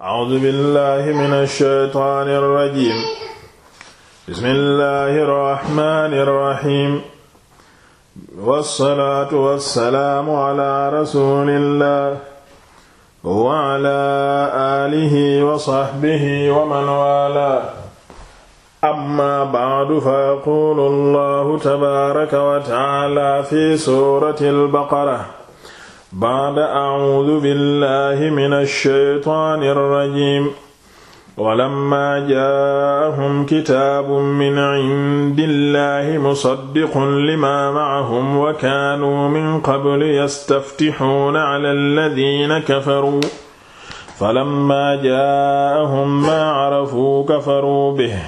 A'uuzu billaahi mina shaytaani rajiim. Bismillaahi rahmaani rahiim. Wassalaatu wassalaamu alaa rasuulillaah wa alaa aalihi wa sahbihi wa man waalaahu. Amma ba'du fa yaquulu Allaahu tabaaraka wa ta'aalaa fi suuratil Baqara. baada acuudu billahi min alshaytaani alrajim walamma jaahum kitaabun min cindi illahi musaddiqun lima macahum wa kaanuu min qabli yastaftixuuna cala alladina kafaruu falamma jaahum maa carafuu kafaruu bih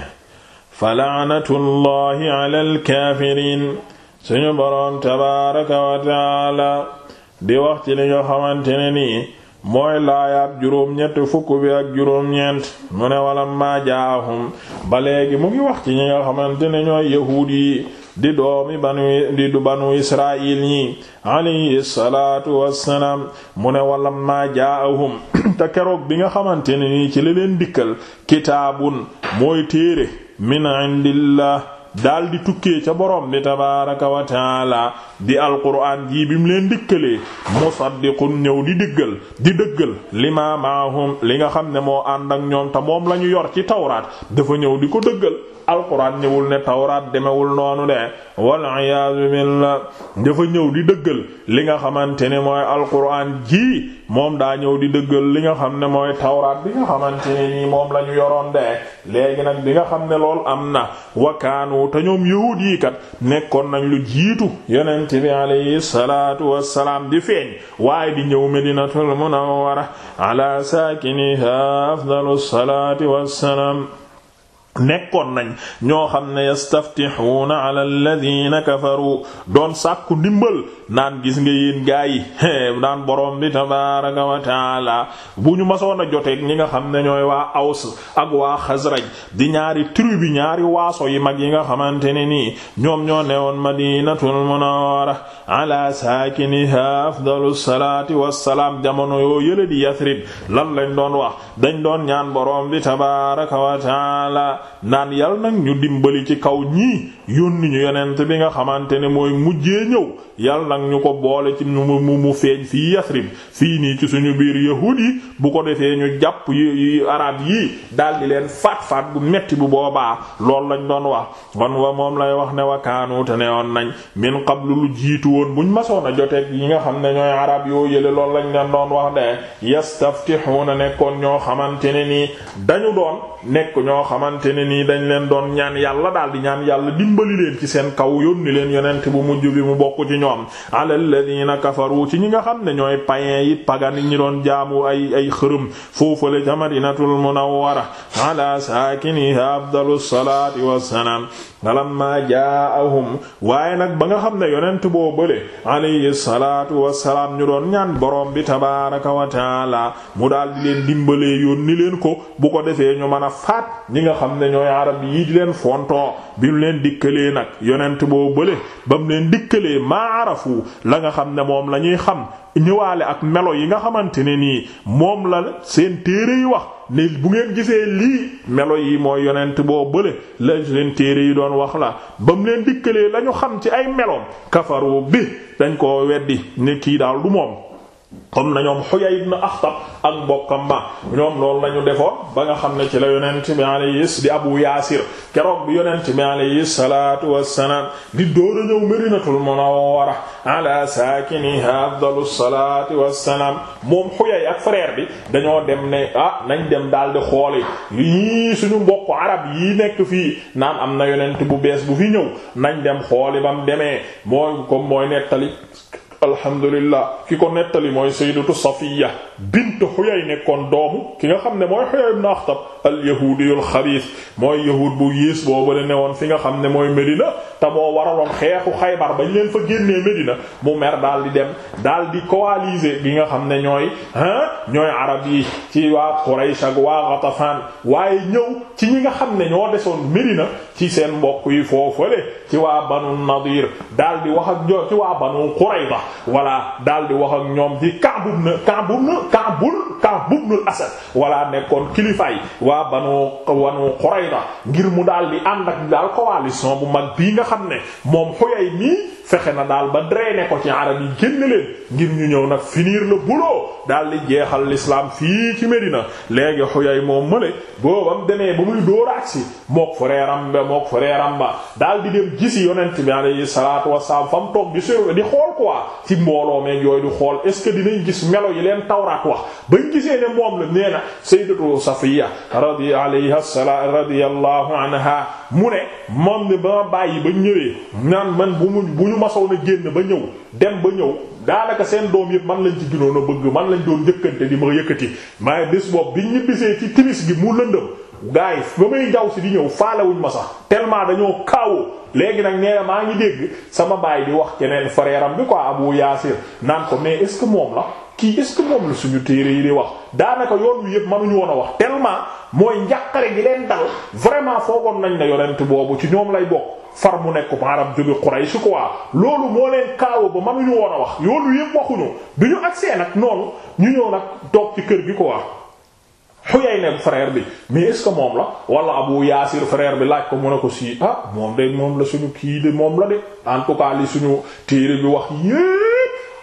falacnatu allahi cala alkaafiriin suñu boroom tabaaraka wa tacaala di wax ci li nga xamante ne nii mooy laayaab juróom-ñett fukk bi ak juróom-ñeent mu ne wala maa jaahum ba léegi mu ngi wax ci ñi nga xamante ne yahuud yi di doomi banu di du banu israil ñi alayhi salaatu wassalaam mu ne wala maa jaahum te keroog bi nga xamante ne nii ci leleen leen dikkal kitaabun mooy téere min indillah daal di tukkee ca borom bi tabaaraka wa taala di alquraan jii bi mu leen dikkalee musaddiqun ñëw di dëggal di dëggal lima maahum li nga xam ne moo ànd ak ñoomta moom la ñu yor ci tawraat dafa ñëw di ko dëggal alquraan ñëwul ne tawraat demewul noonu de walla iyaazu billah dafa ñëw di dëggal li nga xamante ne mooy alquraan jii moom daa ñëw di dëggal li nga xam ne mooy tawraat bi nga xamante nii moom la ñu yoroon de léegi nag bi nga xam ne lool am na wakaanu te ñoom yahuud yi kat nekkoon nañ lu jiitu yonent bi alayhi salaatu wassalaam di feeñ waaye di ñëw medinatul munawwara ala saakiniha afdalu salaati wassalaam nekkoon nañ ñoo xam ne yastaftihuuna ala alladhina kafaru doon sàkku ndimbal naan gis nga yéen yi naan borom bi tabaraka wa taala bu ñu masoon a joteeg ñi nga xam ne ñooy waa aws ak waa xasraj di ñaari tribu ñaari waaso yi mag yi nga xamante ne nii ñoom ñoo neewoon madinatul munawwara ala saakiniha afdalu salaati wassalaam jamono yoo yële di yasrib lan lañ doon wax dañ doon ñaan borom bi tabaraka wa taala naan yal nag ñu dimbali ci kaw ñii yónni ñu yonent bi nga xamante ne mooy mujjee ñëw yal nag ñu ko boole ci mu mu mu feeñ fii Yasrib fii nii ci suñu biir yahuud yi bu ko defee ñu jàpp yi arab yi daal di leen faat faat bu metti bu boobaa loolu lañ doon wax kon wa moom lay wax ne wa kaanu te ne woon nañ min qablu lu jiitu woon buñ masoon a joteeg yi nga xam ne ñooy arab yoo yële lool lañ leen doon wax de yastaftihuna nekkoon ñoo xamante ne nii dañu ne nii dañ leen doon ñaan yàlla daal di ñaan yàlla dimbali leen ci seen kaw yónni leen yonent bu mujj bi mu bokk ci ñoom alal ladina kafaru ci ñi nga xam ne ñooy païens yi pagan yi ñi doon jaamu ay ay xërëm foofale ca madinatul munawwara ala saakiniha afdalu salaati wassalaam falammaa jaa'ahum waaye nag ba nga xam ne yonent boo bële alayhi salaatu wassalaam ñu doon ñaan borom bi tabaaraka wa taala mu daal di leen dimbalee yónni leen ko bu ko defee ñu mën a faat ñi nga xam ne ñooy arab yi di leen fontoo bi mu leen dikkalee nag yonent boo bële ba mu leen dikkalee maarafu la nga xam ne moom la ñuy xam ñëwaale ak melo yi nga xamante ne nii moom la seen téere yi wax ne bu ngeen gisee lii melo yi mooy yonent boo bële la seen téere yi doon wax la ba mu leen dikkalee lañu xam ci ay melo kafaru bi dañ koo weddi ne kii daal du moom kon na ñoom Huyay ibn Akhtab ak mbokkam ma ñoom loolu lañu defoon ba nga xam ne ci la yonent bi alayhi di Abu Yaasir keroog bi yonent bi alayhi salaatu wassalaam di door a ñëw Madinatul Munawwara ala saakiniha afdalu salaati wassalaam moom Huyay ak frère bi dañoo dem ne ah nañ dem daal di xooli yii suñu mbokk arab yii nekk fii naan am na yonent bu bees bu fi ñëw nañ dem xooli ba mu demee mooy comme mooy nettali. alhamdulillah ki ko nettali mooy sayyidatu safiya bint xuyay nekkoon doomu ki nga xam ne mooy xuyay ibn al yahudiyul xabiis mooy yahud bu yiis boobu ne woon fi nga xam ne mooy Medina te moo waraloon xeexu xaybar bañ leen fa génnee Medina mu mer daal di dem daal di coaliser gi nga xam ne ñooy ah ñooy arab yi ci waa Quraysh ak waa Ghatafan waaye ñëw ci ñi nga xam ne ñoo desoon Medina ci seen mbokk yi foofale ci waa banu nadir daal di wax ak ñoom ci waa banu qurayda walla daal di wax ak ñoom ci kaabub na kaabub na kaabul kaabubnul asad walla nekkoon kilifaay waa banu banu ngir mu daal di ànd ak daal coalition bu mag bii nga xam ne moom xuyay nii fexe na daal ba drainer ko ci arab yi génn leen ngir ñu ñëw nag finir le boulot daal di jeexal l'islam fii ci Medina léegi xuyay moom mële boobam demee ba muy dóoraak si mook frère am ba daal di dem gisi yonent bi alayhi salaatu wasalaam fa mu toog di sur di xool quoi ci mbooloo meeg yooyu di xool est-ce que dinañ gis melo yi leen tawraat wax bañ gisee ne moom la nee na sayyidatu Safiya radi alayha salaam radiyallahu anha mu ne moom ne ba bàyyi ba man bu mu ñu masoon a génn ba ñëw dem ba ñëw daanaka seen doom yëpp man lañ ci ginoon a bëgg man lañ doon njëkkante di ma yëkkati maay bés boobu biñ ñibbisee ci timis bi mu lëndëm gaay ba may jaw si di ñëw faalewuñ ma sax tellement dañoo kaawoo léegi nag nee na maa ngi dégg sama baay di wax keneen frère am bi ko Abu Yaasir naan ko mais est moom la kii est-ce que moom la suñu téere yi di wax daanaka yoon wi yëpp mënuñu woon a wax tellement mooy njàqare gi leen dal vraiment foogoon nañ ne yonent boobu ci ñoom lay bokk far mu nekk maanaam jóge ko quoi loolu moo leen kaawa ba mënuñu woon a wax yoonu wi yëpp du ñu agsee nag noonu ñu ñëw nag toog ci kër gi quoi. xuyay ne frère bi mais est moom la wala Abu Yaasir frair bi laaj ko mu ne ko sii ah moom de moom la suñu kii de moom la de en li suñu téere bi wax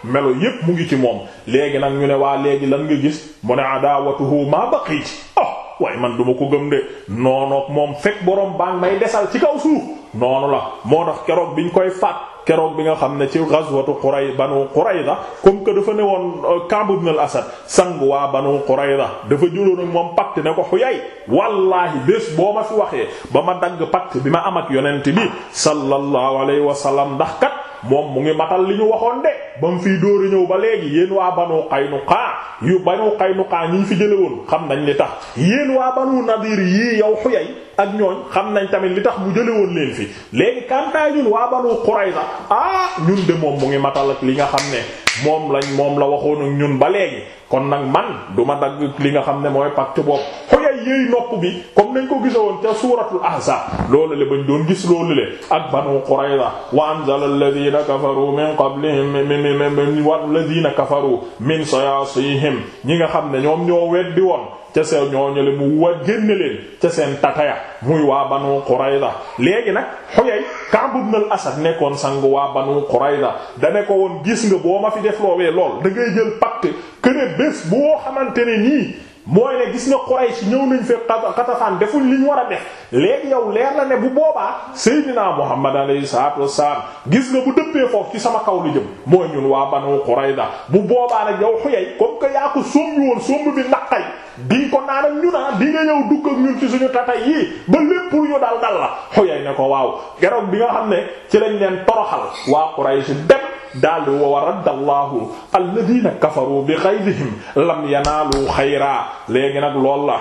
melo yépp mu ngi ci moom léegi nag ñu ne waa léegi lan nga gis mu ne adawatuhu ma baqiti oh waaye man duma ko gëm de noonook moom fekk borom baa may desal ci kaw suuf noonu la moo tax keroog biñ koy faat keroog bi nga xam ne ci ghazwatu Quray banu la comme que dafa ne woon euh, Ka'b ibn al-Asad sang waa banu la dafa jëloon ak moom pacte ne ko xuyay wallaahi bés boo ma fi waxee ba ma dagg pacte bi ma amat ak yonent bi sallallahu alayhi wa sallam ndax kat moom mu ngi matal li ñu waxoon de ba mu fiy dóor a ñëw ba léegi yéen waa banu Qaynuqa yu banu Qaynuqa ñu fi jële woon xam nañ li tax yéen waa banu Nadir yii yow xuyay ak ñooñ xam nañ tamit li tax mu jële woon leen fii léegi kantaay ñun waa banu Qurayza ah ñun de moom mu ngi matal ak li nga xam ne moom lañ moom la waxoon ak ñun ba léegi kon nag man du ma dagg li nga xam ne mooy pacte boobu xuyay yéey nopp bi comme nañ ko gisoon ca suuratul ahzaab loolu le bañ doon gis loolu le ak banu qurayza wa anzala alladhina kafaru min qablihim min walladhina kafaru min sayasihim ñi nga xam ne ñoom ñoo weddi woon ca se ñooñu le mu wa génne leen ca seen tataya muy waa banu qurayza léegi nag xuyay Ka'b ibn al-Asad nekkoon sangu waa banu qurayza da ne ko woon gis nga boo ma fi def lool da ngay jël pacte que ne boo xamante ne nii mooy ne gis nga Quraysh ñëw nañ fekk Xatafaan defuñ li ñu war a def léegi yow leer la ne bu boobaa Seydina Muhammad alayhi salaatu wassalaam gis nga bu dëppee foofu ci sama kaw lu jëm mooy ñun waa Banu Qurayza bu boobaa nag yow xuyay comme que yaa ko somb woon somb bi naqay di ko naan ak ñu naan ah, di nga ñëw dugg ak ñun ci suñu tata yii ba lépp lu ñu dal dal la xuyay ne ko waaw geroog bi nga xam ne ci lañ leen toroxal waa Quraysh dem daal di wa raddallahu alladina kafaru bi ghaydihim lam yanaalu xayra léegi nag lool la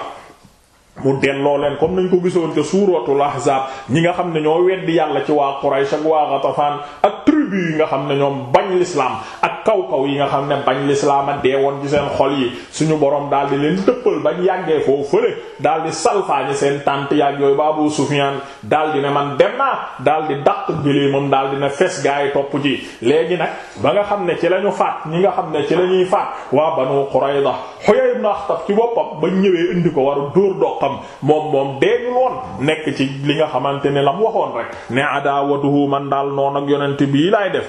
mu delloo leen comme nañ ko gisoon te suuratul ahzaab ñi nga xam ne ñoo weddi yàlla ci waa Quraysh ak waa Ghatafaan ak tribu yi nga xam ne ñoom bañ l'islam ak kaw-kaw yi nga xam ne bañ lislaama dee woon ci seen xol yi suñu borom daal di leen dëppal bañ yàggee foofu fële daal di salfaañi seen tànt yàgg yooyu ba Abu Sufyaan daal di ne man dem naa daal di daq gëlee moom daal di ne fes gaa yi topp ci léegi nag ba nga xam ne ci la ñu faat ñi nga xam ne ci la ñuy faat waa Banu Qurayda Huyay ibn Akhtab ci boppam ba ñëwee indi ko war a dóor doqam moom moom deeñul woon nekk ci li nga xamante ne la mu waxoon rek ne adaawatuhu man daal noon ak yonent bii laay def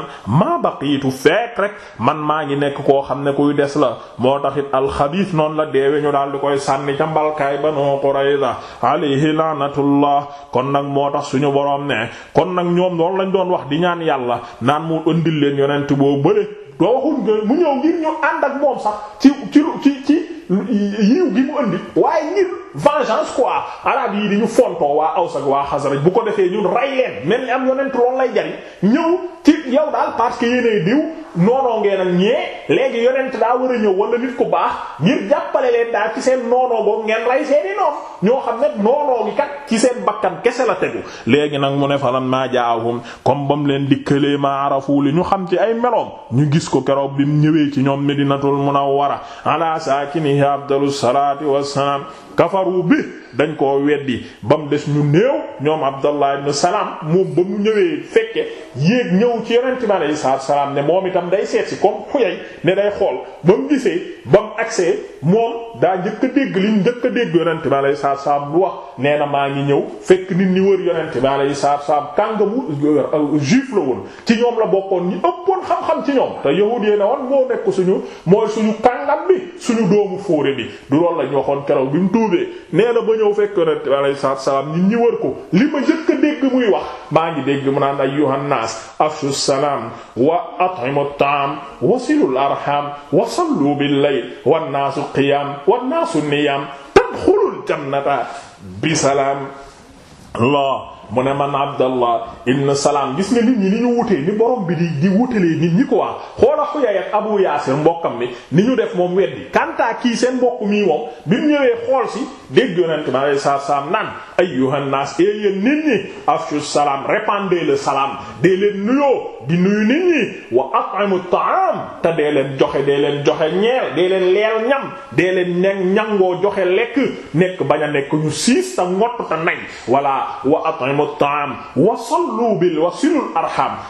naan maa baqiitu fekk rek man maa ngi nekk koo xam ne kuy des la moo taxit alxabiis noonu la deewe ñu daal di koy sànni ca mbalkaay Banu Qurayza alayhi laanatullah kon nag moo tax suñu boroom ne kon nag ñoom loolu lañ doon wax di ñaan yàlla naan mu ëndil leen yonent boo bële doo waxul nga mu ñëw ngir ñu ànd ak moom sax ci ci ci yiw gi mu ëndi waaye ngir vengeance quoi arab yii di ñu fontoo waa Aws ak waa Xasraj bu ko defee ñun rey leen même ni am yonent loolu lay jari ñëw ci yow daal parce que yéenee diw noonoo ngeen ak ñee léegi yonent daa war a ñëw wala nit ku baax ngir jàppale leen daal ci seen noonoo boobu ngeen rey seeni noon ñoo xam ne noonoo gi kat ci seen bakkan kese la tegu léegi nag mu ne falan maa jaahum comme bam leen dikkalee ma arafu li ñu xam ci ay meloom ñu gis ko keroog bi mu ñëwee ci ñoom Medinatul Munawwara ala saakinihi afdalus salaati wassalaam kafaru bi dañ koo weddi ba mu des ñu néew ñoom Abdallah ibn salaam moom ba mu ñëwee fekke yéeg ñëw ci yonent bi alayhi salaam ne moom itam day seet si comme xuyay ne day xool ba mu gisee ba mu agsee moom daa njëkk dégg li njëkk a dégg yonent bi alayhi salaatu salaam bu wax nee maa ngi ñëw fekk nit ñi wër yonent bi alayhi salaatu salaam kàngamu euh, juif la woon ci ñoom la bokkoon ñu ëppoon xam-xam ci ñoom te yahuud yi ne woon moo nekk suñu mooy suñu kàngam bi suñu doomu fóore bi du loolu lañ waxoon keroog bi mu tuubee nee na ba ñëw fekk yonent bi alayhi salaatu salaam nit ñi wër ko li ma njëkk a dégg muy wax maa ngi dégg mu naan ayyuhan naas afshu salaam wa at'imu ta'am wasilul arham wa sallu bil layl wan qiyam wan naasu niyam tadxulul jannata bisalaam Allah mu ne man Abdallah ibn Salaam gis nga nit ñi ni ñu wutee ni borom bi di di wutalee nit ñi ko waa xoola Xuyay ak Abu Yaasir mbokkam mi ni ñu def moom weddi kantaa kii seen mbokk mii moom bi mu ñëwee xool si dégg yonent ma alei saatu salaam naan ayyuhan naas e yéen nit ñi afshu salaam répandez le salaam dee leen nuyoo di nuyu nit ñi wa at'imu ta'am te dee leen joxe dee leen joxe ñeel dee leen leer ñam dee leen ñang ñangoo joxe lekk nekk bañ a nekk ñu siis ta ngott ta riba wa at'imu at-ta'am wa sallu bil wasilul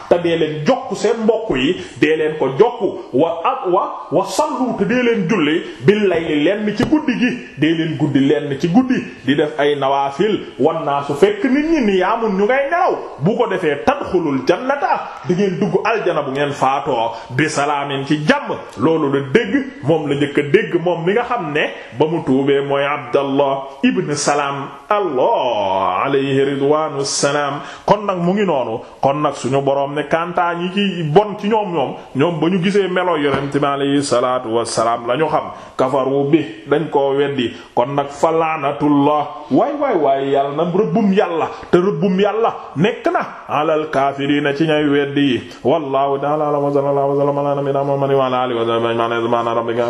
te dee leen jokk seen mbokk yi dee leen ko jokk wa at wa wa sallu te dee leen julli bil layli lenn ci guddi gi dee leen guddi lenn ci guddi di def ay nawaafil wan naa su fekk nit ñi ni yaamun ñu ngay nelaw bu ko defee tadxulul jannata di ngeen dugg aljana bu ngeen faatoo bi salaamin ci jàmm loolu la dégg moom la njëkk a dégg moom mi nga xam ne ba mu tuubee mooy abdallah ibn salaam allah alayhi ridwaanu salaam kon nag mu ngi noonu kon nag suñu boroom ne kantaa ñi ci bon ci ñoom ñoom ñoom ba ñu gisee melo yonent bi alayhi salaatu wassalaam lañu xam kafaru bi dañ koo weddi kon nag fa laanatullah waay waay waay yàlla na rëbbum yàlla te rëbbum yàlla nekk na alal kaafiriina ci ñay weddi yi wallahu ta'ala a'lam wa sallallahu wa sallama ala nabiyyina muhammadin wa ala alihi wa sahbihi subhana rabbika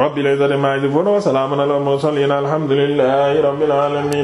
rabbil izzati amma yasifun wa salamun alal mursalin alhamdulillahi rabbil alamin